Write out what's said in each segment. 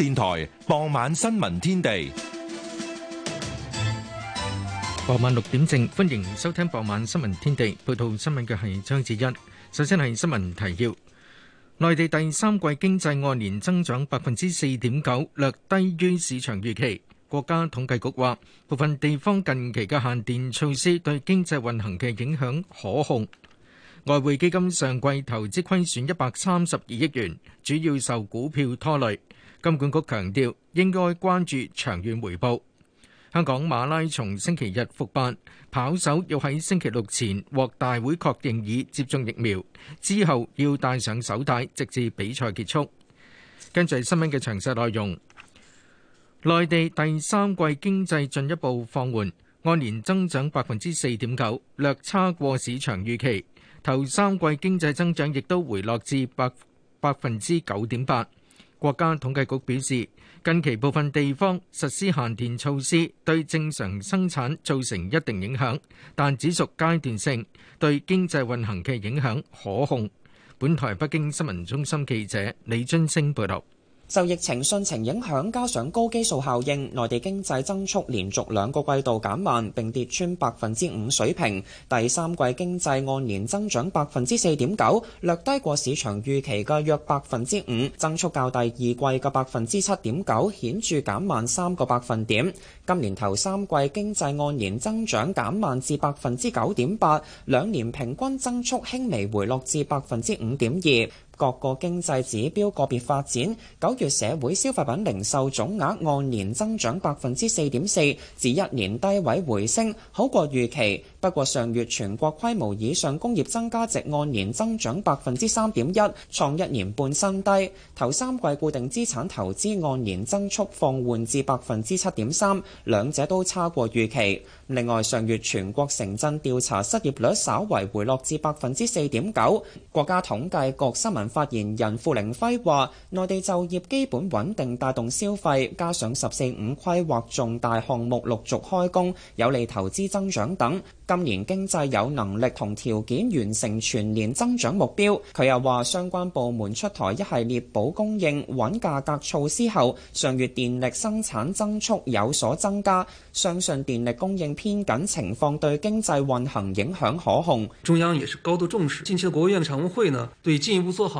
電台傍晚新聞天地，傍晚六點正，歡迎收聽傍晚新聞天地。報道新聞嘅係張子欣。首先係新聞提要：內地第三季經濟按年增長百分之四點九，略低於市場預期。國家統計局話，部分地方近期嘅限電措施對經濟運行嘅影響可控。外匯基金上季投資虧損一百三十二億元，主要受股票拖累。金管局強調應該關注長遠回報。香港馬拉松星期日復辦，跑手要喺星期六前獲大會確認已接種疫苗，之後要戴上手帶直至比賽結束。跟住新聞嘅詳細內容，內地第三季經濟進一步放緩，按年增長百分之四點九，略差過市場預期。頭三季經濟增長亦都回落至百百分之九點八。國家統計局表示，近期部分地方實施限電措施，對正常生產造成一定影響，但只屬階段性，對經濟運行嘅影響可控。本台北京新聞中心記者李津升報道。受疫情汛情影響，加上高基數效應，內地經濟增速連續兩個季度減慢，並跌穿百分之五水平。第三季經濟按年增長百分之四點九，略低過市場預期嘅約百分之五，增速較低第二季嘅百分之七點九顯著減慢三個百分點，今年頭三季經濟按年增長減慢至百分之九點八，兩年平均增速輕微回落至百分之五點二。各個經濟指標個別發展，九月社會消費品零售總額按年增長百分之四點四，至一年低位回升，好過預期。不過上月全國規模以上工業增加值按年增長百分之三點一，創一年半新低。頭三季固定資產投資按年增速放緩至百分之七點三，兩者都差過預期。另外上月全國城鎮調查失業率稍為回落至百分之四點九，國家統計局新聞發言人傅凌輝話：內地就業基本穩定，帶動消費，加上十四五規劃重大項目陸續開工，有利投資增長等。今年經濟有能力同條件完成全年增長目標。佢又話：相關部門出台一系列保供應、穩價格措施後，上月電力生產增速有所增加，相信電力供應偏緊情況對經濟運行影響可控。中央也是高度重視，近期的國務院常務會呢，對進一步做好。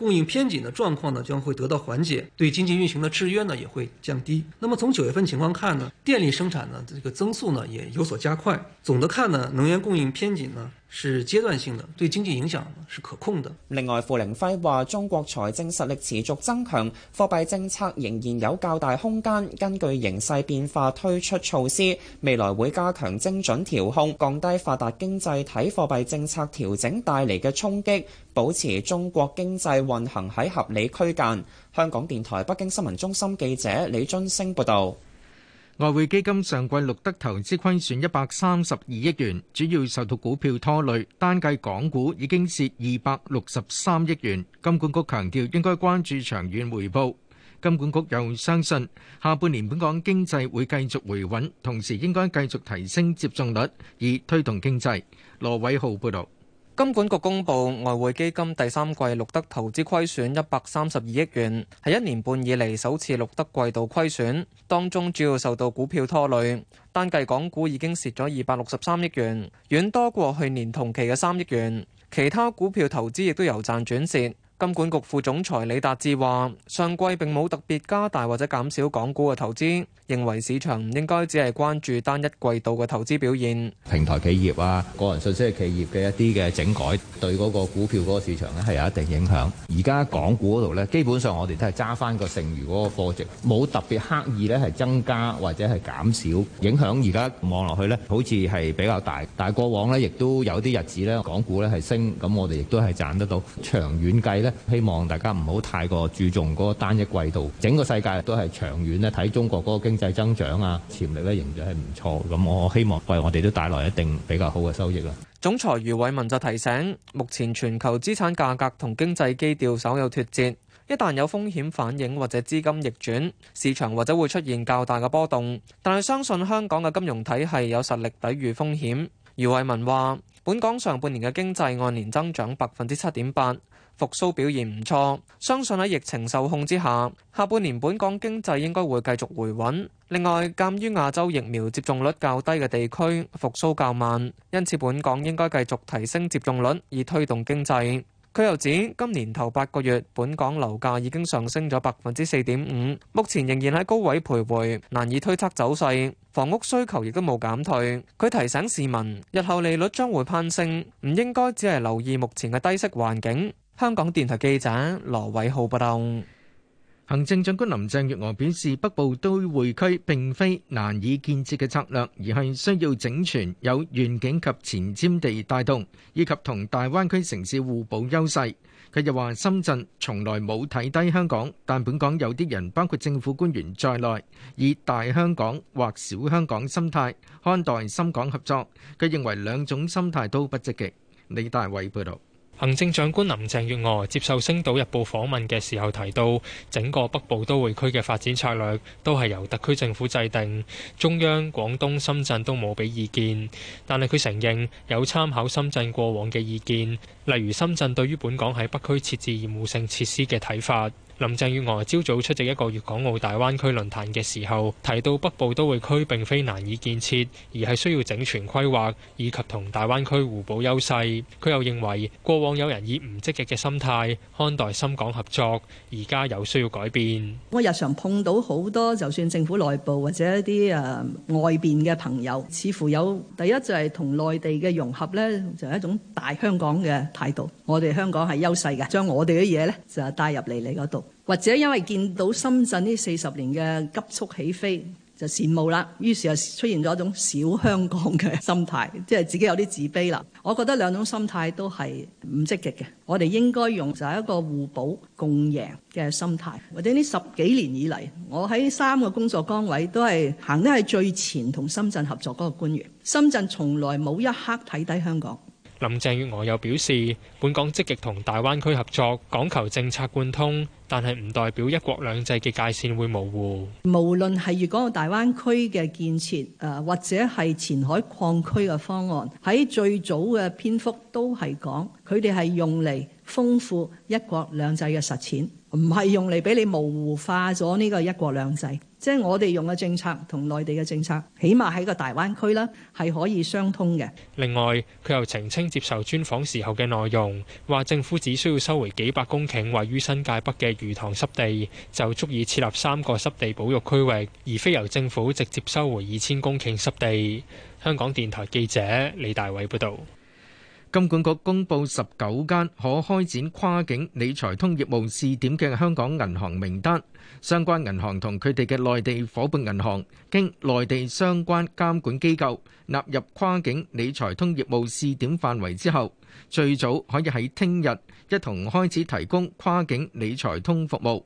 供應偏緊的狀況呢，將會得到緩解，對經濟運行的制約呢，也會降低。那麼從九月份情況看呢，電力生產呢，這個增速呢，也有所加快。總的看呢，能源供應偏緊呢，是階段性的，對經濟影響是可控的。另外，傅凌輝話，中國財政實力持續增強，貨幣政策仍然有較大空間，根據形勢變化推出措施。未來會加強精準調控，降低發達經濟體貨幣政策調整帶嚟嘅衝擊。保持中國經濟運行喺合理區間。香港電台北京新聞中心記者李津星報導，外匯基金上季錄得投資虧損一百三十二億元，主要受到股票拖累，單計港股已經蝕二百六十三億元。金管局強調應該關注長遠回報。金管局又相信下半年本港經濟會繼續回穩，同時應該繼續提升接種率，以推動經濟。羅偉浩報導。金管局公布外匯基金第三季錄得投資虧損一百三十二億元，係一年半以嚟首次錄得季度虧損。當中主要受到股票拖累，單計港股已經蝕咗二百六十三億元，遠多過去年同期嘅三億元。其他股票投資亦都由賺轉蝕。金管局副總裁李達志話，上季並冇特別加大或者減少港股嘅投資，認為市場唔應該只係關注單一季度嘅投資表現。平台企業啊，個人信息嘅企業嘅一啲嘅整改，對嗰個股票嗰個市場呢係有一定影響。而家港股嗰度呢，基本上我哋都係揸翻個剩餘嗰個貨值，冇特別刻意呢係增加或者係減少影響。而家望落去呢，好似係比較大，但係過往呢，亦都有啲日子呢，港股呢係升，咁我哋亦都係賺得到。長遠計呢。希望大家唔好太過注重嗰個單一季度，整個世界都係長遠咧睇中國嗰個經濟增長啊潛力咧，仍然係唔錯咁，我希望為我哋都帶來一定比較好嘅收益啦。總裁余偉文就提醒，目前全球資產價格同經濟基調稍有脫節，一旦有風險反應或者資金逆轉，市場或者會出現較大嘅波動。但係相信香港嘅金融體系有實力抵禦風險。余偉文話：本港上半年嘅經濟按年增長百分之七點八。復甦表現唔錯，相信喺疫情受控之下，下半年本港經濟應該會繼續回穩。另外，鑒於亞洲疫苗接種率較低嘅地區復甦較慢，因此本港應該繼續提升接種率以推動經濟。佢又指，今年頭八個月本港樓價已經上升咗百分之四點五，目前仍然喺高位徘徊，難以推測走勢。房屋需求亦都冇減退。佢提醒市民，日後利率將會攀升，唔應該只係留意目前嘅低息環境。香港電台記者羅偉浩報道。行政長官林鄭月娥表示，北部都會區並非難以建設嘅策略，而係需要整全有願景、及前瞻地帶動，以及同大灣區城市互補優勢。佢又話，深圳從來冇睇低香港，但本港有啲人，包括政府官員在內，以大香港或小香港心態看待深港合作。佢認為兩種心態都不積極。李大偉報道。行政長官林鄭月娥接受《星島日報》訪問嘅時候提到，整個北部都會區嘅發展策略都係由特區政府制定，中央、廣東、深圳都冇俾意見。但係佢承認有參考深圳過往嘅意見，例如深圳對於本港喺北區設置業務性設施嘅睇法。林鄭月娥朝早出席一個粵港澳大灣區論壇嘅時候，提到北部都會區並非難以建設，而係需要整全規劃以及同大灣區互補優勢。佢又認為過往有人以唔積極嘅心態看待深港合作，而家有需要改變。我日常碰到好多，就算政府內部或者一啲誒外邊嘅朋友，似乎有第一就係、是、同內地嘅融合呢就係、是、一種大香港嘅態度。我哋香港係優勢嘅，將我哋嘅嘢呢就帶入嚟你嗰度。或者因為見到深圳呢四十年嘅急速起飛，就羨慕啦。於是就出現咗一種小香港嘅心態，即係自己有啲自卑啦。我覺得兩種心態都係唔積極嘅。我哋應該用就係一個互補共贏嘅心態。或者呢十幾年以嚟，我喺三個工作崗位都係行得係最前，同深圳合作嗰個官員。深圳從來冇一刻睇低香港。林鄭月娥又表示，本港積極同大灣區合作，講求政策貫通。但係唔代表一國兩制嘅界線會模糊。無論係粵港澳大灣區嘅建設，誒或者係前海礦區嘅方案，喺最早嘅篇幅都係講，佢哋係用嚟豐富一國兩制嘅實踐，唔係用嚟俾你模糊化咗呢個一國兩制。即係我哋用嘅政策同內地嘅政策，起碼喺個大灣區啦，係可以相通嘅。另外，佢又澄清接受專訪時候嘅內容，話政府只需要收回幾百公頃位於新界北嘅魚塘濕地，就足以設立三個濕地保育區域，而非由政府直接收回二千公頃濕地。香港電台記者李大偉報導。金管局公布十九間可開展跨境理財通業務試點嘅香港銀行名單，相關銀行同佢哋嘅內地夥伴銀行，經內地相關監管機構納入跨境理財通業務試點範圍之後，最早可以喺聽日一同開始提供跨境理財通服務。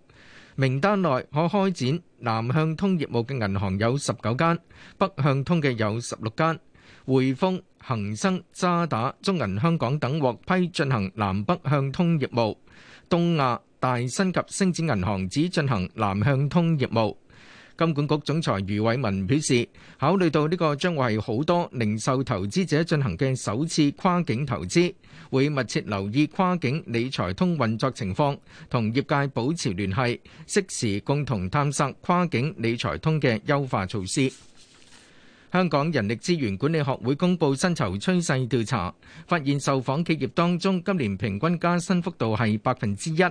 名單內可開展南向通業務嘅銀行有十九間，北向通嘅有十六間。匯豐、恒生、渣打、中銀香港等獲批進行南北向通業務、東亞、大新及星展銀行只進行南向通業務。金管局總裁余偉文表示，考慮到呢個將會係好多零售投資者進行嘅首次跨境投資，會密切留意跨境理財通運作情況，同業界保持聯繫，適時共同探索跨境理財通嘅優化措施。香港人力資源管理學會公布薪酬趨勢調查，發現受訪企業當中今年平均加薪幅度係百分之一。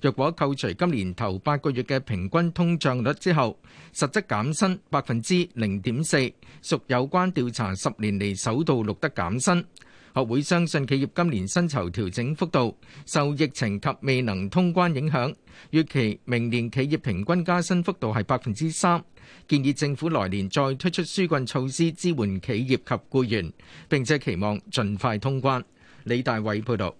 若果扣除今年頭八個月嘅平均通脹率之後，實質減薪百分之零點四，屬有關調查十年嚟，首度錄得減薪。學會相信企業今年薪酬調整幅度受疫情及未能通關影響，預期明年企業平均加薪幅度係百分之三。建議政府來年再推出紓困措施支援企業及雇員，並且期望盡快通關。李大偉報導，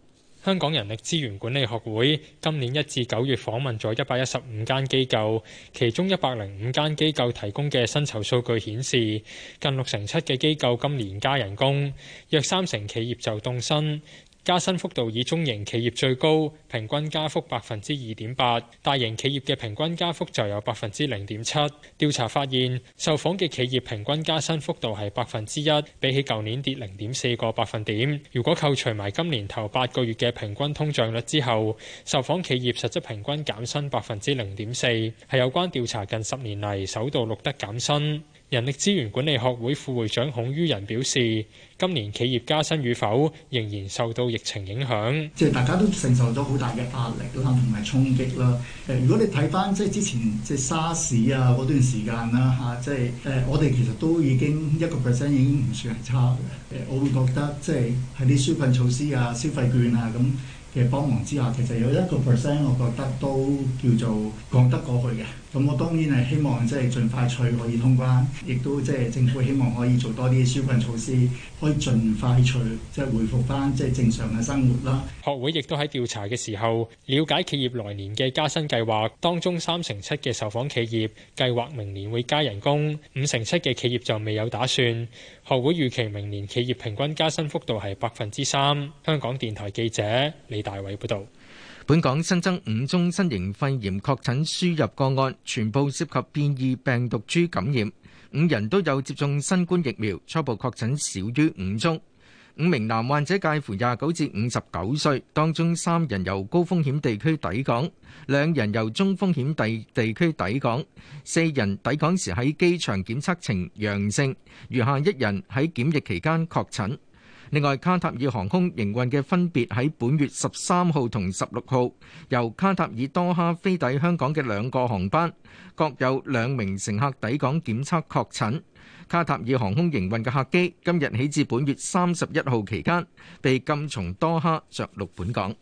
香港人力資源管理學會今年一至九月訪問咗一百一十五間機構，其中一百零五間機構提供嘅薪酬數據顯示，近六成七嘅機構今年加人工，約三成企業就凍薪。加薪幅度以中型企業最高，平均加幅百分之二點八；大型企業嘅平均加幅就有百分之零點七。調查發現，受訪嘅企業平均加薪幅度係百分之一，比起舊年跌零點四個百分點。如果扣除埋今年頭八個月嘅平均通脹率之後，受訪企業實質平均減薪百分之零點四，係有關調查近十年嚟首度錄得減薪。人力資源管理學會副會長孔于人表示，今年企業加薪與否仍然受到疫情影響，即係大家都承受咗好大嘅壓力啦，同埋衝擊啦。誒，如果你睇翻即係之前即係沙士啊嗰段時間啦吓，即係誒，我哋其實都已經一個 percent 已經唔算係差嘅。誒，我會覺得即係喺啲紓困措施啊、消費券啊咁嘅幫忙之下，其實有一個 percent，我覺得都叫做講得過去嘅。咁我當然係希望即係盡快脆可以通關，亦都即係政府希望可以做多啲紓困措施，可以盡快脆即係回復返即係正常嘅生活啦。學會亦都喺調查嘅時候了解企業來年嘅加薪計劃，當中三成七嘅受訪企業計劃明年會加人工，五成七嘅企業就未有打算。學會預期明年企業平均加薪幅度係百分之三。香港電台記者李大偉報導。本港新增五宗新型肺炎確診輸入個案，全部涉及變異病毒株感染，五人都有接種新冠疫苗，初步確診少於五宗。五名男患者介乎廿九至五十九歲，當中三人由高風險地區抵港，兩人由中風險地地區抵港，四人抵港時喺機場檢測呈陽性，餘下一人喺檢疫期間確診。另外，卡塔爾航空營運嘅分別喺本月十三號同十六號由卡塔爾多哈飛抵香港嘅兩個航班，各有兩名乘客抵港檢測確診。卡塔爾航空營運嘅客機今日起至本月三十一號期間被禁從多哈著陸本港。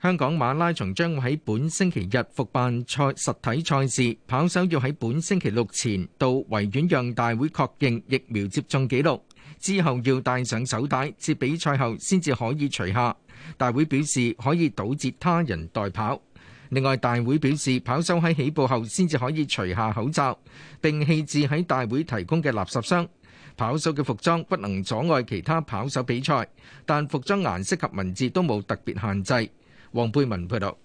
香港馬拉松將會喺本星期日復辦賽實體賽事，跑手要喺本星期六前到維園讓大會確認疫苗接種記錄，之後要戴上手帶，至比賽後先至可以除下。大會表示可以堵截他人代跑。另外，大會表示跑手喺起步後先至可以除下口罩，並棄置喺大會提供嘅垃圾箱。跑手嘅服裝不能阻礙其他跑手比賽，但服裝顏色及文字都冇特別限制。黃貝文報導。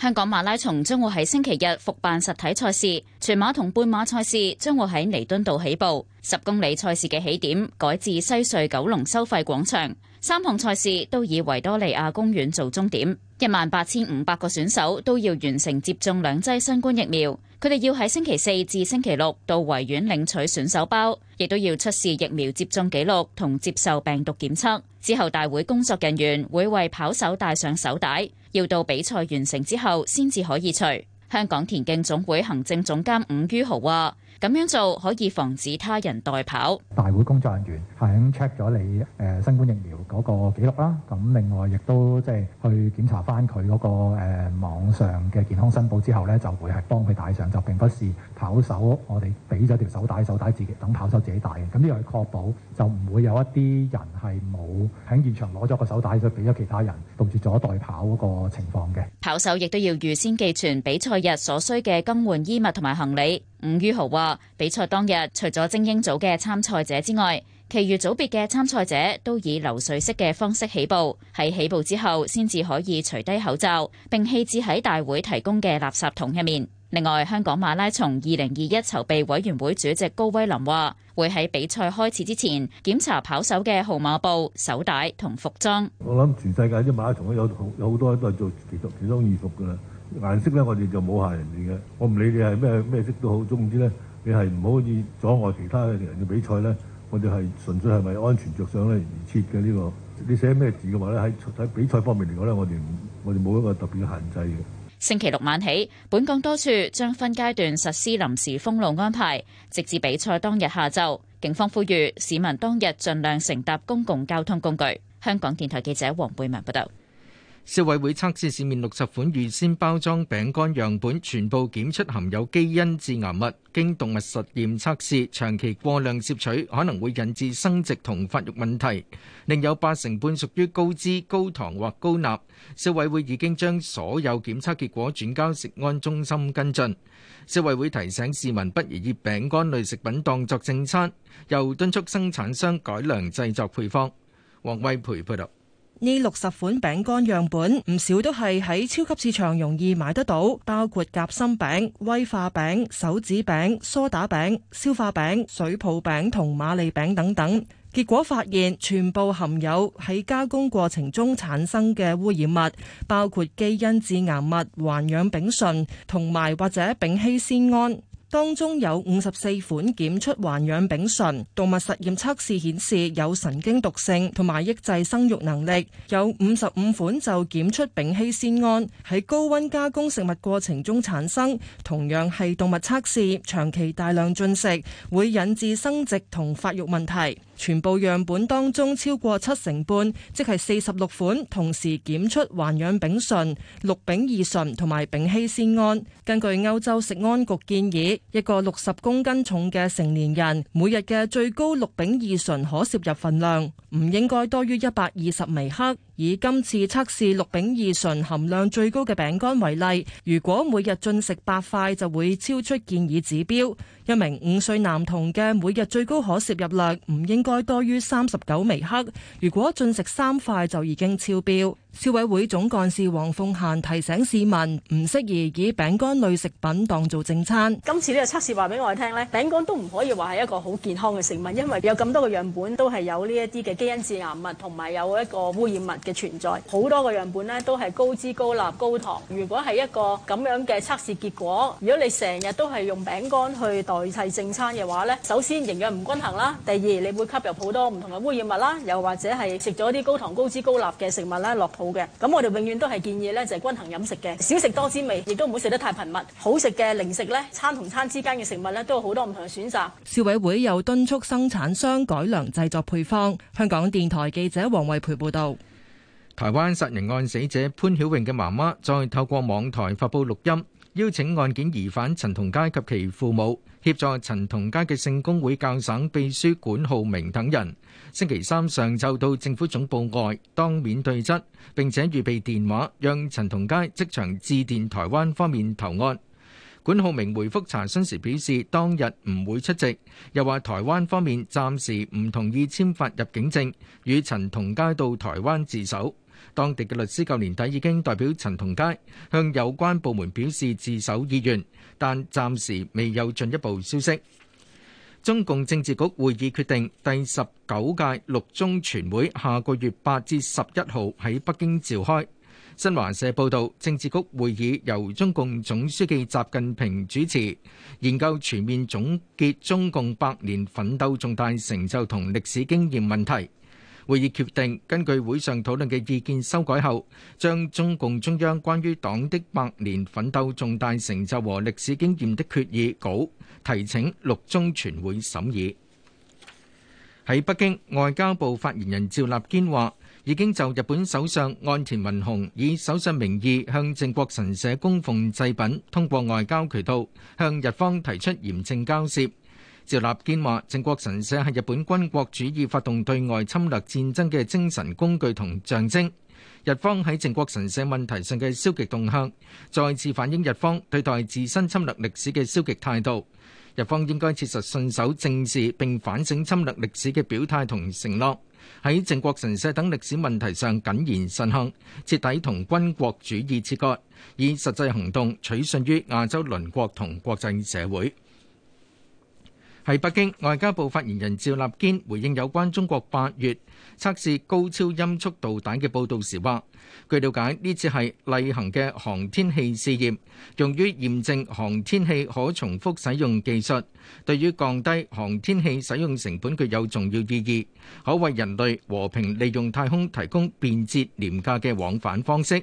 香港馬拉松將會喺星期日復辦實體賽事，全馬同半馬賽事將會喺彌敦道起步，十公里賽事嘅起點改至西隧九龍收費廣場，三項賽事都以維多利亞公園做終點。一萬八千五百個選手都要完成接種兩劑新冠疫苗，佢哋要喺星期四至星期六到維園領取選手包，亦都要出示疫苗接種記錄同接受病毒檢測。之後，大會工作人員會為跑手帶上手帶。要到比賽完成之後，先至可以除。香港田徑總會行政總監伍于豪話。咁樣做可以防止他人代跑。大會工作人員係 check 咗你誒新冠疫苗嗰個記錄啦。咁另外亦都即係去檢查翻佢嗰個誒網上嘅健康申報之後咧，就會係幫佢帶上，就並不是跑手，我哋俾咗條手帶，手帶自己等跑手自己帶嘅。咁呢個係確保就唔會有一啲人係冇喺現場攞咗個手帶，再俾咗其他人，導致咗代跑嗰個情況嘅。跑手亦都要預先寄存比賽日所需嘅更換衣物同埋行李。伍于豪話，比賽當日除咗精英組嘅參賽者之外，其餘組別嘅參賽者都以流水式嘅方式起步。喺起步之後，先至可以除低口罩，並棄置喺大會提供嘅垃圾桶入面。另外，香港馬拉松二零二一籌備委員會主席高威林話，會喺比賽開始之前檢查跑手嘅號碼布、手帶同服裝。我諗全世界啲馬拉松有有有都有好多都係做其中其中衣服噶啦。顏色咧，我哋就冇限人哋嘅。我唔理你係咩咩色都好，總之咧，你係唔可以阻礙其他嘅人嘅比賽咧。我哋係純粹係為安全著想咧而設嘅呢個。你寫咩字嘅話咧，喺喺比賽方面嚟講咧，我哋唔，我哋冇一個特別嘅限制嘅。星期六晚起，本港多處將分階段實施臨時封路安排，直至比賽當日下晝。警方呼籲市民當日盡量乘搭公共交通工具。香港電台記者黃貝文報道。消委會測試市面六十款預先包裝餅乾樣本，全部檢出含有基因致癌物，經動物實驗測試，長期過量攝取可能會引致生殖同發育問題。另有八成半屬於高脂、高糖或高鈉。消委會已經將所有檢測結果轉交食安中心跟進。消委會提醒市民，不宜以餅乾類食品當作正餐，又敦促生產商改良製作配方。黃惠培報道。呢六十款餅乾樣本，唔少都係喺超級市場容易買得到，包括夾心餅、威化餅、手指餅、梳打餅、消化餅、水泡餅同馬利餅等等。結果發現，全部含有喺加工過程中產生嘅污染物，包括基因致癌物、環氧丙醇同埋或者丙烯酰胺。當中有五十四款檢出環氧丙醇，動物實驗測試顯示有神經毒性同埋抑制生育能力；有五十五款就檢出丙烯酰胺，喺高溫加工食物過程中產生，同樣係動物測試，長期大量進食會引致生殖同發育問題。全部樣本當中，超過七成半，即係四十六款，同時檢出環氧丙醇、氯丙二醇同埋丙烯酰胺。根據歐洲食安局建議，一個六十公斤重嘅成年人，每日嘅最高氯丙二醇可攝入份量唔應該多於一百二十微克。以今次測試氯丙二醇含量最高嘅餅乾為例，如果每日進食八塊就會超出建議指標。一名五歲男童嘅每日最高可攝入量唔應該多於三十九微克，如果進食三塊就已經超標。消委會總幹事黃鳳嫻提醒市民唔適宜以餅乾類食品當做正餐。今次呢個測試話俾我哋聽咧，餅乾都唔可以話係一個好健康嘅食物，因為有咁多個樣本都係有呢一啲嘅基因致癌物，同埋有一個污染物嘅存在。好多個樣本咧都係高脂、高鈉、高糖。如果係一個咁樣嘅測試結果，如果你成日都係用餅乾去代替正餐嘅話咧，首先營養唔均衡啦，第二你會吸入好多唔同嘅污染物啦，又或者係食咗啲高糖、高脂、高鈉嘅食物咧，落。Ncess inhaling motivators 好嘅，咁我哋永遠都係建議咧，就係均衡飲食嘅，少食多滋味，亦都唔好食得太頻密。好食嘅零食咧，餐同餐之間嘅食物咧，都有好多唔同嘅選擇。消委會又敦促生產商改良製作配方。香港電台記者黃惠培報導。台灣殺人案死者潘曉穎嘅媽媽再透過網台發佈錄音，邀請案件疑犯陳同佳及其父母協助陳同佳嘅聖公會教省秘書管浩明等人。星期三上晝到政府總部外當面對質，並且預備電話讓陳同佳即場致電台灣方面投案。管浩鳴回覆查詢時表示，當日唔會出席，又話台灣方面暫時唔同意簽發入境證，與陳同佳到台灣自首。當地嘅律師舊年底已經代表陳同佳向有關部門表示自首意願，但暫時未有進一步消息。中共政治局會議決定，第十九屆六中全會下個月八至十一號喺北京召開，新華社報道，政治局會議由中共總書記習近平主持，研究全面總結中共百年奮鬥重大成就同歷史經驗問題。會議決定根據會上討論嘅意見修改後，將中共中央關於黨的百年奮鬥重大成就和歷史經驗的決議稿提請六中全會審議。喺北京，外交部發言人趙立堅話，已經就日本首相岸田文雄以首相名義向靖國神社供奉祭品，通過外交渠道向日方提出嚴正交涉。趙立堅話，靖國神社係日本軍國主義發動對外侵略戰爭嘅精神工具同象徵。日方喺靖國神社問題上嘅消極動向，再次反映日方對待自身侵略歷史嘅消極態度。日方應該切實信守正視並反省侵略歷史嘅表態同承諾，喺靖國神社等歷史問題上謹言慎行，徹底同軍國主義切割，以實際行動取信於亞洲鄰國同國際社會。喺北京，外交部發言人趙立堅回應有關中國八月測試高超音速導彈嘅報導時話，據瞭解，呢次係例行嘅航天器試驗，用於驗證航天器可重複使用技術，對於降低航天器使用成本具有重要意義，可為人類和平利用太空提供便捷廉價嘅往返方式。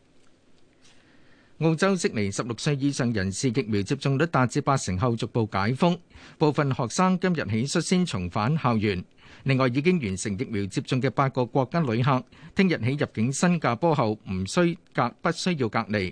澳洲悉尼十六歲以上人士疫苗接種率達至八成後逐步解封，部分學生今日起率先重返校園。另外，已經完成疫苗接種嘅八個國家旅客，聽日起入境新加坡後唔需隔，不需要隔離。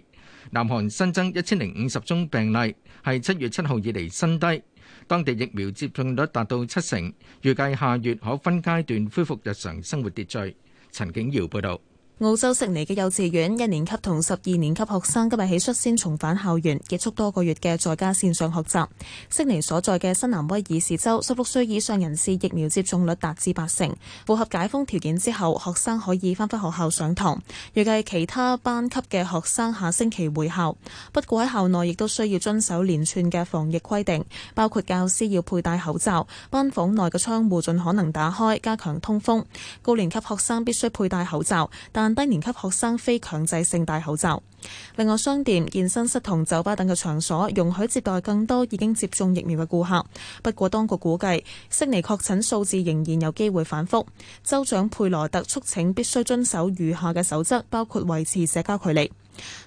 南韓新增一千零五十宗病例，係七月七號以嚟新低，當地疫苗接種率達到七成，預計下月可分階段恢復日常生活秩序。陳景堯報道。澳洲悉尼嘅幼稚園一年級同十二年級學生今日起率先重返校園，結束多個月嘅在家線上學習。悉尼所在嘅新南威爾士州，十六歲以上人士疫苗接種率達至八成，符合解封條件之後，學生可以返返學校上堂。預計其他班級嘅學生下星期回校。不過喺校內亦都需要遵守連串嘅防疫規定，包括教師要佩戴口罩，班房內嘅窗戶盡可能打開，加強通風。高年級學生必須佩戴口罩，但低年級學生非強制性戴口罩。另外，商店、健身室同酒吧等嘅場所容許接待更多已經接種疫苗嘅顧客。不過，當局估計悉尼確診數字仍然有機會反覆。州長佩羅特促請必須遵守餘下嘅守則，包括維持社交距離。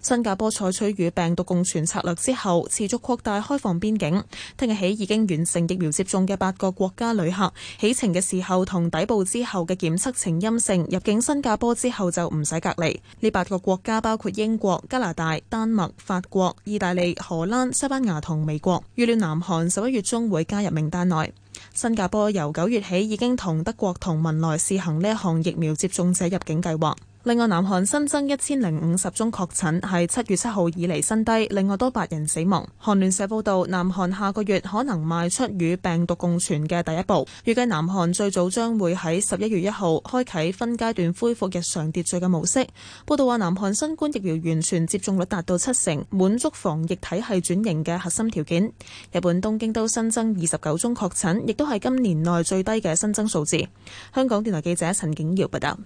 新加坡採取與病毒共存策略之後，持續擴大開放邊境。聽日起已經完成疫苗接種嘅八個國家旅客，起程嘅時候同抵埗之後嘅檢測呈陰性，入境新加坡之後就唔使隔離。呢八個國家包括英國、加拿大、丹麥、法國、意大利、荷蘭、西班牙同美國。預料南韓十一月中會加入名單內。新加坡由九月起已經同德國同文萊試行呢一項疫苗接種者入境計劃。另外，南韓新增一千零五十宗確診，係七月七號以嚟新低，另外多八人死亡。韓聯社報導，南韓下個月可能邁出與病毒共存嘅第一步，預計南韓最早將會喺十一月一號開啓分階段恢復日常秩序嘅模式。報導話，南韓新冠疫苗完全接種率達到七成，滿足防疫體系轉型嘅核心條件。日本東京都新增二十九宗確診，亦都係今年內最低嘅新增數字。香港電台記者陳景堯報道。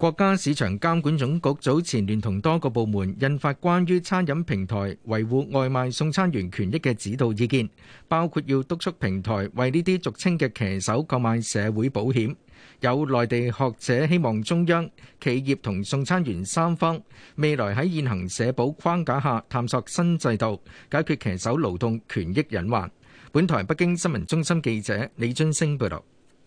國家市場監管總局早前聯同多個部門印發關於餐飲平台維護外賣送餐員權益嘅指導意見,包括要督促平台為呢啲俗稱嘅騎手購買社會保險。有內地學者希望中央企業同送餐員三方未來喺現行社保框架下探索新制度,解決騎手勞動權益隱患。本台北京新聞中心記者李津升報道。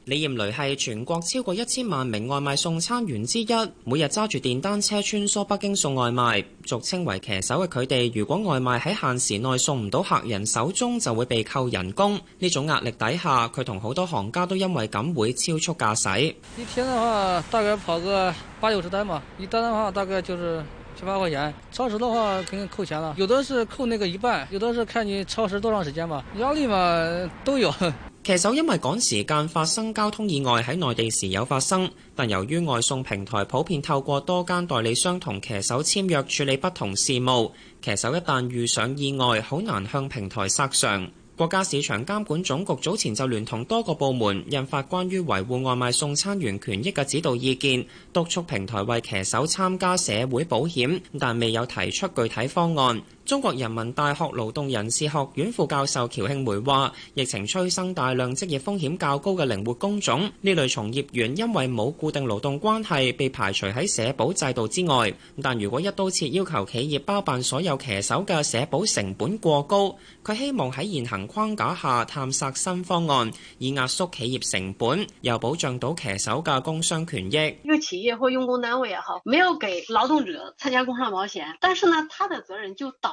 李艷雷係全國超過一千萬名外賣送餐員之一，每日揸住電單車穿梭北京送外賣。俗稱為騎手嘅佢哋，如果外賣喺限時內送唔到客人手中，就會被扣人工。呢種壓力底下，佢同好多行家都因為咁會超速駕駛。一天嘅話大概跑個八九十單嘛，一單嘅話大概就是七八塊錢。超時嘅話肯定扣錢啦，有的是扣那個一半，有的是看你超時多長時間嘛，壓力嘛都有。 騎手因為趕時間發生交通意外喺內地時有發生，但由於外送平台普遍透過多間代理商同騎手簽約處理不同事務，騎手一旦遇上意外，好難向平台索償。國家市場監管總局早前就聯同多個部門印發關於維護外賣送餐員權益嘅指導意見，督促平台為騎手參加社會保險，但未有提出具體方案。中國人民大學勞動人事學院副教授喬慶梅話，疫情催生大量職業風險較高嘅靈活工種呢類從業員，因為冇固定勞動關係被排除喺社保制度之外。但如果一刀切要求企業包辦所有騎手嘅社保，成本過高。佢希望喺現行框架下探索新方案，以壓縮企業成本，又保障到騎手嘅工傷權益。一個企業或用工單位也好，沒有給勞動者參加工傷保險，但是呢，他的責任就到。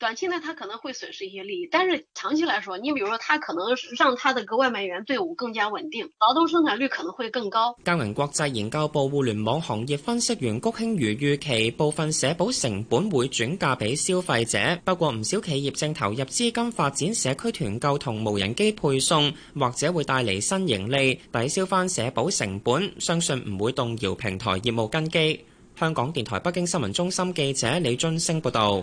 短期呢，他可能會損失一些利益，但是長期來說，你比如說，他可能讓他的個外賣員隊伍更加穩定，勞動生產率可能會更高。交銀國際研究部互聯網行業分析員谷興如預期，部分社保成本會轉嫁俾消費者。不過，唔少企業正投入資金發展社區團購同無人機配送，或者會帶嚟新盈利，抵消翻社保成本，相信唔會動搖平台業務根基。香港電台北京新聞中心記者李津星報道。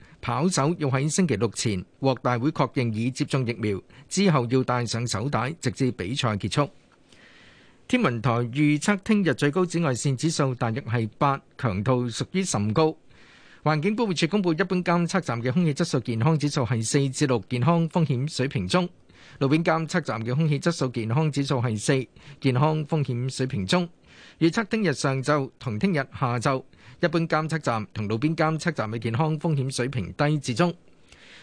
跑手要喺星期六前獲大會確認已接種疫苗，之後要戴上手帶，直至比賽結束。天文台預測聽日最高紫外線指數大約係八，強度屬於甚高。環境保護署公布一般監測站嘅空氣質素健康指數係四至六，6，健康風險水平中。路邊監測站嘅空氣質素健康指數係四，健康風險水平中。預測聽日上晝同聽日下晝。一般監測站同路邊監測站嘅健康風險水平低至中。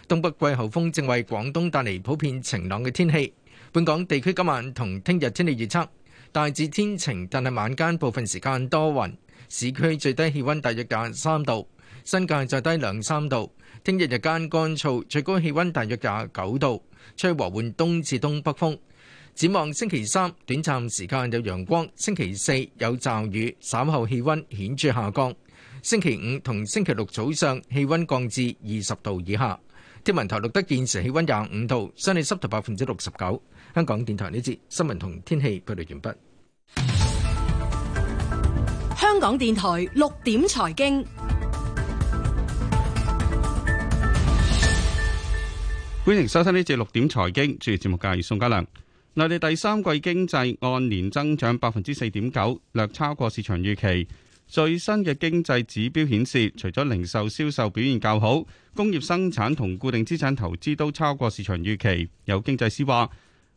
東北季候風正為廣東帶嚟普遍晴朗嘅天氣，本港地區今晚同聽日天氣預測大致天晴，但係晚間部分時間多雲，市區最低氣溫大約廿三度，新界再低兩三度。聽日日間乾燥，最高氣溫大約廿九度，吹和緩東至東北風。展望星期三短暫時間有陽光，星期四有驟雨，稍後氣溫顯著下降。星期五同星期六早上氣溫降至二十度以下。天文台錄得現時氣溫廿五度，相對濕度百分之六十九。香港電台呢節新聞同天氣報告完畢。香港電台六點財經，歡迎收聽呢節六點財經，主持節目嘅係宋家良。內地第三季經濟按年增長百分之四點九，略超過市場預期。最新嘅經濟指標顯示，除咗零售銷售表現較好，工業生產同固定資產投資都超過市場預期。有經濟師話，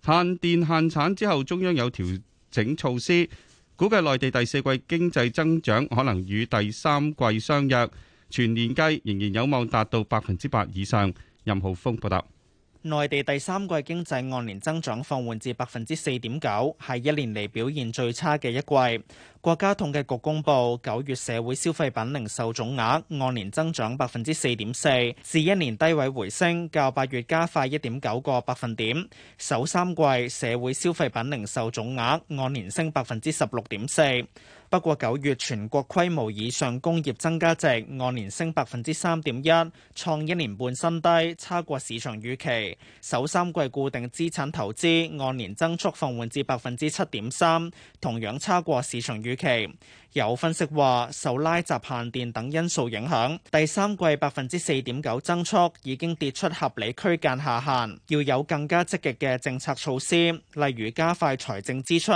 限電限產之後，中央有調整措施，估計內地第四季經濟增長可能與第三季相若，全年計仍然有望達到百分之八以上。任浩峰報道。內地第三季經濟按年增長放緩至百分之四點九，係一年嚟表現最差嘅一季。國家統計局公布九月社會消費品零售總額按年增長百分之四點四，至一年低位回升，較八月加快一點九個百分點。首三季社會消費品零售總額按年升百分之十六點四。不過九月全國規模以上工業增加值按年升百分之三點一，創一年半新低，差過市場預期。首三季固定資產投資按年增速放緩至百分之七點三，同樣差過市場預期。有分析話，受拉閘限電等因素影響，第三季百分之四點九增速已經跌出合理區間下限，要有更加積極嘅政策措施，例如加快財政支出。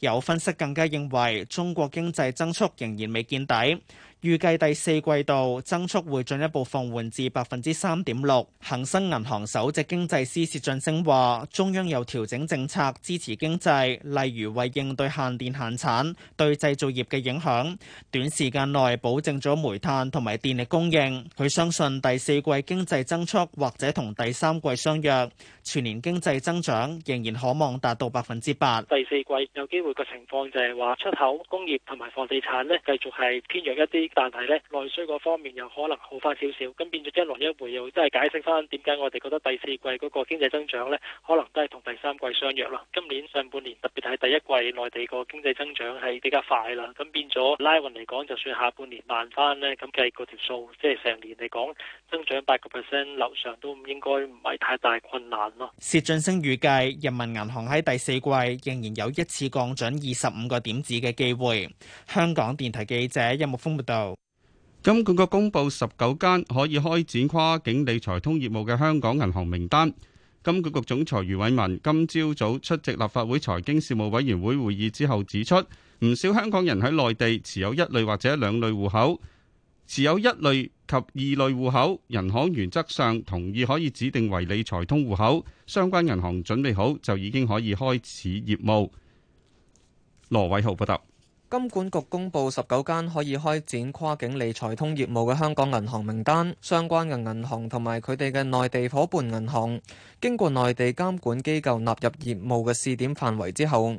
有分析更加認為中國經濟增速仍然未見底。預計第四季度增速會進一步放緩至百分之三點六。恒生銀行首席經濟師薛俊昇話：中央有調整政策支持經濟，例如為應對限電限產對製造業嘅影響，短時間內保證咗煤炭同埋電力供應。佢相信第四季經濟增速或者同第三季相若，全年經濟增長仍然可望達到百分之八。第四季有機會嘅情況就係話，出口、工業同埋房地產咧，繼續係偏弱一啲。但係咧，內需嗰方面又可能好翻少少，咁變咗一來一回又真係解釋翻點解我哋覺得第四季嗰個經濟增長咧，可能都係同第三季相若咯。今年上半年特別係第一季，內地個經濟增長係比較快啦，咁變咗拉運嚟講，就算下半年慢翻咧，咁計嗰條數，即係成年嚟講增長八個 percent 樓上都應該唔係太大困難咯。薛進升預計人民銀行喺第四季仍然有一次降準二十五個點子嘅機會。香港電台記者音樂風嘅。金管局,局公布十九間可以開展跨境理財通業務嘅香港銀行名單。金管局,局總裁余偉文今朝早出席立法會財經事務委員會會議之後指出，唔少香港人喺內地持有一類或者兩類戶口，持有一類及二類戶口，人行原則上同意可以指定為理財通戶口，相關銀行準備好就已經可以開始業務。羅偉豪報道。金管局公布十九間可以開展跨境理財通業務嘅香港銀行名單，相關嘅銀行同埋佢哋嘅內地夥伴銀行，經過內地監管機構納入業務嘅試點範圍之後，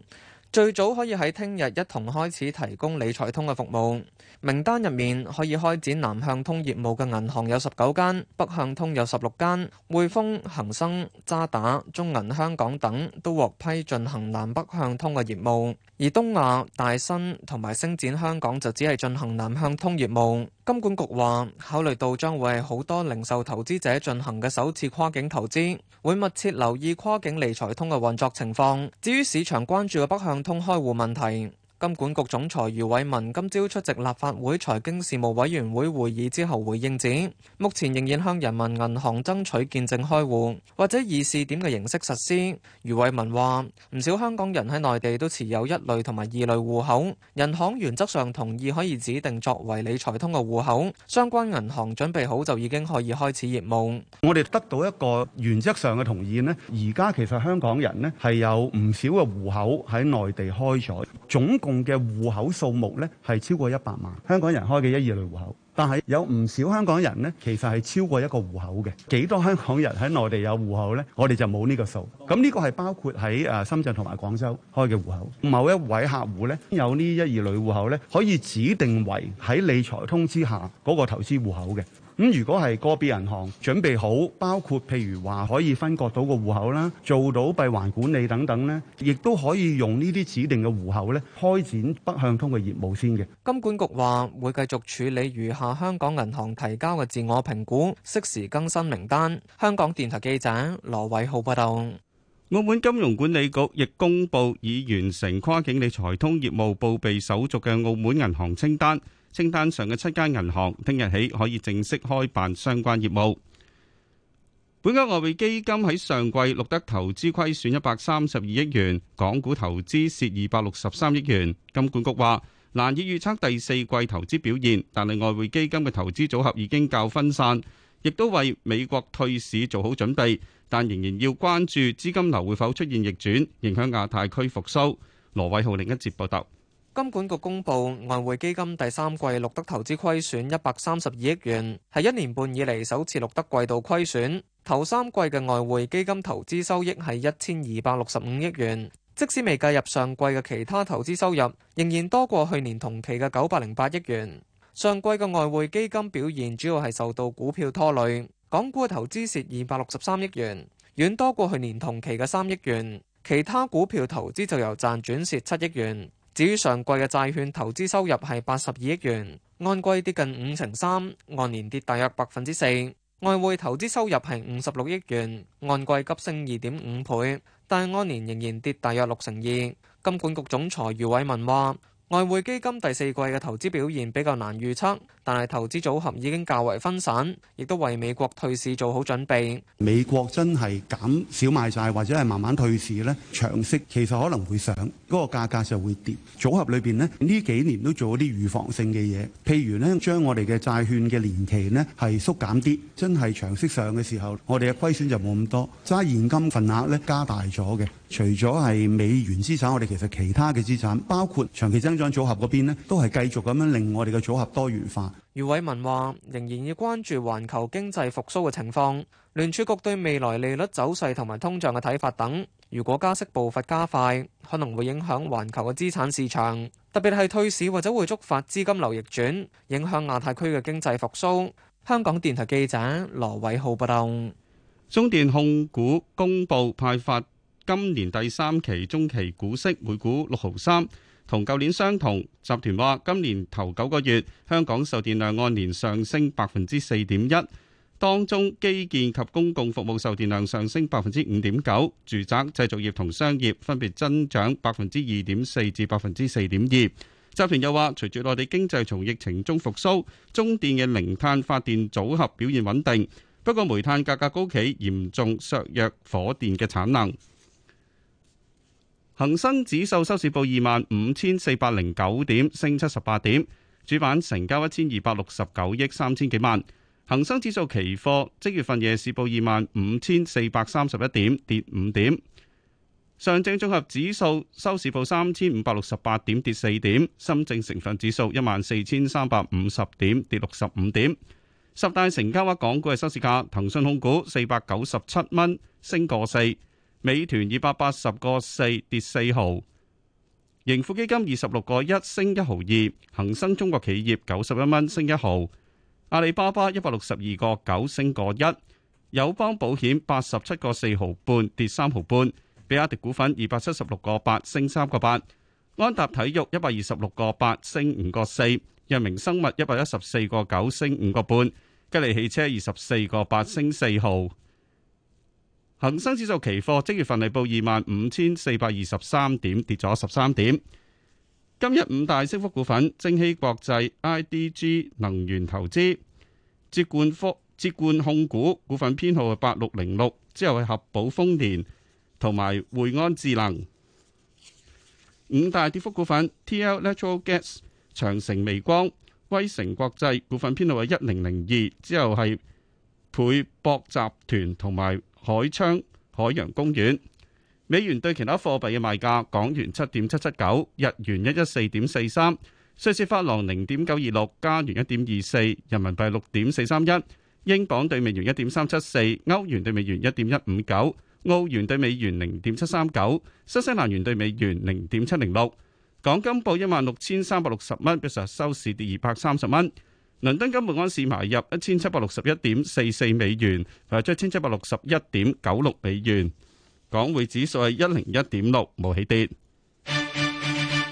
最早可以喺聽日一同開始提供理財通嘅服務。名單入面可以開展南向通業務嘅銀行有十九間，北向通有十六間。匯豐、恒生、渣打、中銀香港等都獲批進行南北向通嘅業務，而東亞、大新同埋星展香港就只係進行南向通業務。金管局話：考慮到將會係好多零售投資者進行嘅首次跨境投資，會密切留意跨境理財通嘅運作情況。至於市場關注嘅北向通開戶問題。金管局總裁余偉文今朝出席立法會財經事務委員會會議之後回應指，目前仍然向人民銀行爭取見證開戶，或者以試點嘅形式實施。余偉文話：唔少香港人喺內地都持有一類同埋二類戶口，人行原則上同意可以指定作為理財通嘅戶口。相關銀行準備好就已經可以開始業務。我哋得到一個原則上嘅同意咧，而家其實香港人咧，係有唔少嘅戶口喺內地開咗，總。用嘅戶口數目呢，係超過一百萬香港人開嘅一二類戶口，但係有唔少香港人呢，其實係超過一個戶口嘅。幾多香港人喺內地有戶口呢？我哋就冇呢個數。咁呢個係包括喺誒深圳同埋廣州開嘅戶口。某一位客戶呢，有呢一二類戶口呢，可以指定為喺理財通之下嗰個投資戶口嘅。咁如果係個別銀行準備好，包括譬如話可以分割到個戶口啦，做到閉環管理等等呢，亦都可以用呢啲指定嘅戶口咧，開展北向通嘅業務先嘅。金管局話會繼續處理餘下香港銀行提交嘅自我評估，適時更新名單。香港電台記者羅偉浩報道。澳門金融管理局亦公布已完成跨境理財通業務報備手續嘅澳門銀行清單。清單上嘅七間銀行，聽日起可以正式開辦相關業務。本港外匯基金喺上季錄得投資虧損一百三十二億元，港股投資蝕二百六十三億元。金管局話難以預測第四季投資表現，但係外匯基金嘅投資組合已經較分散，亦都為美國退市做好準備，但仍然要關注資金流會否出現逆轉，影響亞太區復甦。羅偉浩另一節報道。金管局公布外匯基金第三季錄得投資虧損一百三十二億元，係一年半以嚟首次錄得季度虧損。頭三季嘅外匯基金投資收益係一千二百六十五億元，即使未計入上季嘅其他投資收入，仍然多過去年同期嘅九百零八億元。上季嘅外匯基金表現主要係受到股票拖累，港股嘅投資蝕二百六十三億元，遠多過去年同期嘅三億元。其他股票投資就由賺轉蝕七億元。至於上季嘅債券投資收入係八十二億元，按季跌近五成三，按年跌大約百分之四。外匯投資收入係五十六億元，按季急升二點五倍，但按年仍然跌大約六成二。金管局總裁余偉文話：外匯基金第四季嘅投資表現比較難預測。但係投資組合已經較為分散，亦都為美國退市做好準備。美國真係減少賣債，或者係慢慢退市呢，長息其實可能會上，嗰個價格就會跌。組合裏邊呢，呢幾年都做啲預防性嘅嘢，譬如呢將我哋嘅債券嘅年期呢係縮減啲。真係長息上嘅時候，我哋嘅虧損就冇咁多。揸現金份額咧加大咗嘅，除咗係美元資產，我哋其實其他嘅資產，包括長期增長組合嗰邊咧，都係繼續咁樣令我哋嘅組合多元化。余偉文話：仍然要關注環球經濟復甦嘅情況，聯儲局對未來利率走勢同埋通脹嘅睇法等。如果加息步伐加快，可能會影響環球嘅資產市場，特別係退市，或者會觸發資金流逆轉，影響亞太區嘅經濟復甦。香港電台記者羅偉浩報道。中電控股公布派發今年第三期中期股息，每股六毫三。同舊年相同，集團話今年頭九個月香港售電量按年上升百分之四點一，當中基建及公共服務售電量上升百分之五點九，住宅、製造業同商業分別增長百分之二點四至百分之四點二。集團又話，隨住內地經濟從疫情中復甦，中電嘅零碳發電組合表現穩定，不過煤炭價格高企，嚴重削弱火電嘅產能。恒生指數收市報二萬五千四百零九點，升七十八點。主板成交一千二百六十九億三千幾萬。恒生指數期貨即月份夜市報二萬五千四百三十一點，跌五點。上證綜合指數收市報三千五百六十八點，跌四點。深證成分指數一萬四千三百五十點，跌六十五點。十大成交額港股嘅收市價，騰訊控股四百九十七蚊，升個四。美團二百八十個四跌四毫，盈富基金二十六個一升一毫二，恒生中國企業九十一蚊升一毫，阿里巴巴一百六十二個九升個一，友邦保險八十七個四毫半跌三毫半，比亞迪股份二百七十六個八升三個八，安踏體育一百二十六個八升五個四，藥明生物一百一十四個九升五個半，吉利汽車二十四個八升四毫。恒生指數期貨，即月份嚟報二萬五千四百二十三點，跌咗十三點。今日五大升幅股份：晶熙國際、I D G 能源投資、接冠科捷冠控股，股份編號係八六零六，之後係合保豐年同埋匯安智能。五大跌幅股份：T L Natural Gas、長城微光、威誠國際，股份編號係一零零二，之後係倍博集團同埋。海昌海洋公園，美元對其他貨幣嘅賣價：港元七點七七九，日元一一四點四三，瑞士法郎零點九二六，加元一點二四，人民幣六點四三一，英鎊對美元一點三七四，歐元對美元一點一五九，澳元對美元零點七三九，新西蘭元對美元零點七零六。港金報一萬六千三百六十蚊，一成收市跌二百三十蚊。倫敦金每盎司買入一千七百六十一點四四美元，賣出一千七百六十一點九六美元。港匯指數係一零一點六，冇起跌。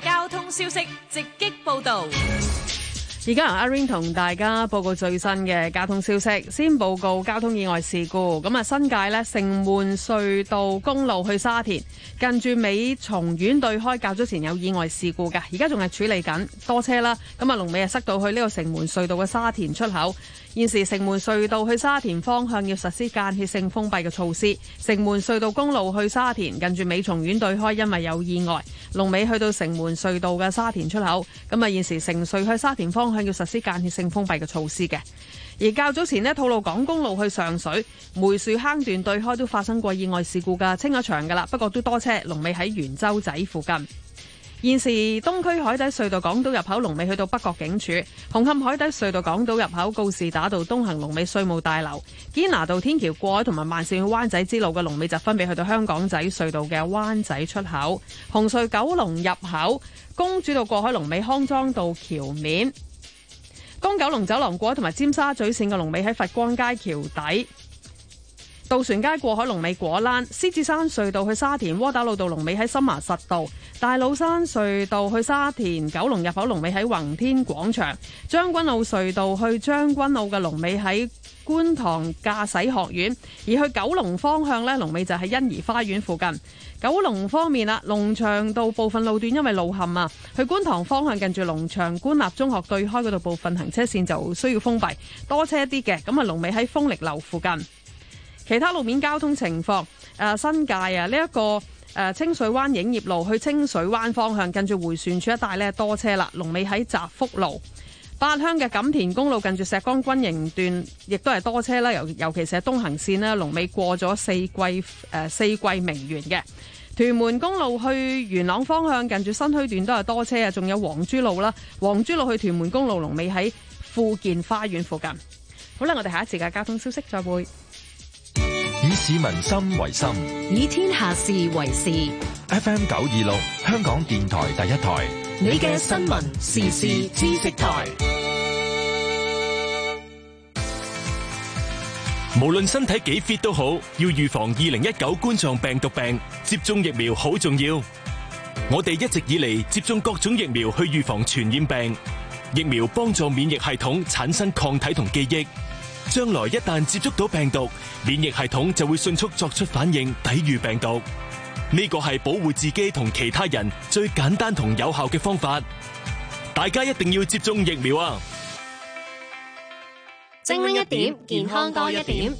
交通消息直擊報道。而家阿 Ring 同大家報告最新嘅交通消息。先報告交通意外事故。咁啊，新界咧城門隧道公路去沙田，近住美松苑對開較早前有意外事故嘅，而家仲係處理緊，多車啦。咁啊，龍尾啊塞到去呢個城門隧道嘅沙田出口。現時城門隧道去沙田方向要實施間歇性封閉嘅措施，城門隧道公路去沙田近住美松苑對開，因為有意外，龍尾去到城門隧道嘅沙田出口。咁啊，現時城隧去沙田方向要實施間歇性封閉嘅措施嘅。而較早前呢，吐露港公路去上水梅樹坑段對開都發生過意外事故噶，清咗場噶啦，不過都多車，龍尾喺圓洲仔附近。現時東區海底隧道港島入口龍尾去到北角警署；紅磡海底隧道港島入口告示打道東行龍尾稅務大樓；堅拿道天橋過海同埋慢線灣仔之路嘅龍尾就分別去到香港仔隧道嘅灣仔出口；紅隧九龍入口公主道過海龍尾康莊道橋面；東九龍走廊過海同埋尖沙咀綫嘅龍尾喺佛光街橋底。渡船街過海龍尾果欄，獅子山隧道去沙田窩打老道，到龍尾喺森麻實道；大老山隧道去沙田九龍入口龍尾喺宏天廣場，將軍澳隧道去將軍澳嘅龍尾喺觀塘駕駛學院；而去九龍方向咧，龍尾就喺欣怡花園附近。九龍方面啊，龍翔道部分路段因為路陷啊，去觀塘方向近住龍翔官立中學對開嗰度部分行車線就需要封閉，多車一啲嘅咁啊，龍尾喺豐力樓附近。其他路面交通情況，誒、啊、新界啊，呢、這、一個誒、啊、清水灣影業路去清水灣方向，近住迴旋處一帶咧多車啦。龍尾喺澤福路、八鄉嘅錦田公路，近住石崗軍營段，亦都係多車啦。尤尤其是喺東行線咧，龍尾過咗四季誒、呃、四季名園嘅屯門公路去元朗方向，近住新墟段都係多車啊。仲有黃珠路啦，黃珠路去屯門公路，龍尾喺富健花園附近。好啦，我哋下一節嘅交通消息再會。以民心為心，以天下事為事。FM 九二六，香港電台第一台，你嘅新聞時事知識台。無論身體幾 fit 都好，要預防二零一九冠狀病毒病，接種疫苗好重要。我哋一直以嚟接種各種疫苗去預防傳染病，疫苗幫助免疫系統產生抗體同記憶。將來一旦接觸到病毒，免疫系統就會迅速作出反應，抵禦病毒。呢個係保護自己同其他人最簡單同有效嘅方法。大家一定要接種疫苗啊！精明一點，健康多一點。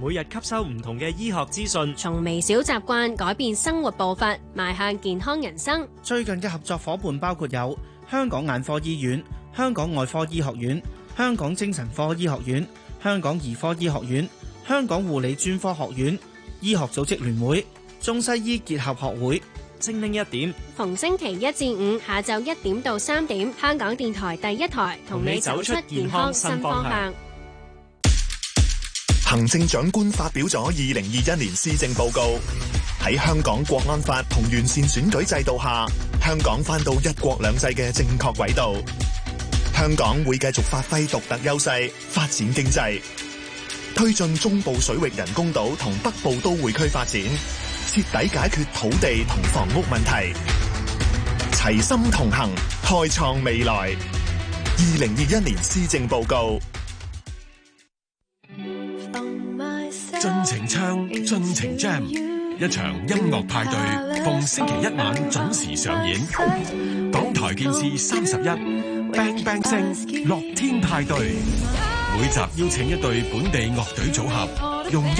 每日吸收唔同嘅醫學資訊，從微小習慣改變生活步伐，邁向健康人生。最近嘅合作伙伴包括有香港眼科醫院、香港外科醫學院、香港精神科醫學院。香港兒科醫學院、香港護理專科學院、醫學組織聯會、中西醫結合學會。精靈一點，逢星期一至五下晝一點到三點，香港電台第一台同你走出健康新方向。行政長官發表咗二零二一年施政報告，喺香港國安法同完善選舉制度下，香港返到一國兩制嘅正確軌道。香港會繼續發揮獨特優勢，發展經濟，推進中部水域人工島同北部都會區發展，徹底解決土地同房屋問題，齊心同行，開創未來。二零二一年施政報告，盡情唱，盡情 jam，一場音樂派對，逢星期一晚準時上演。港台電視三十一。bang bang 聲樂天派對，每集邀請一對本地樂隊組合，用一。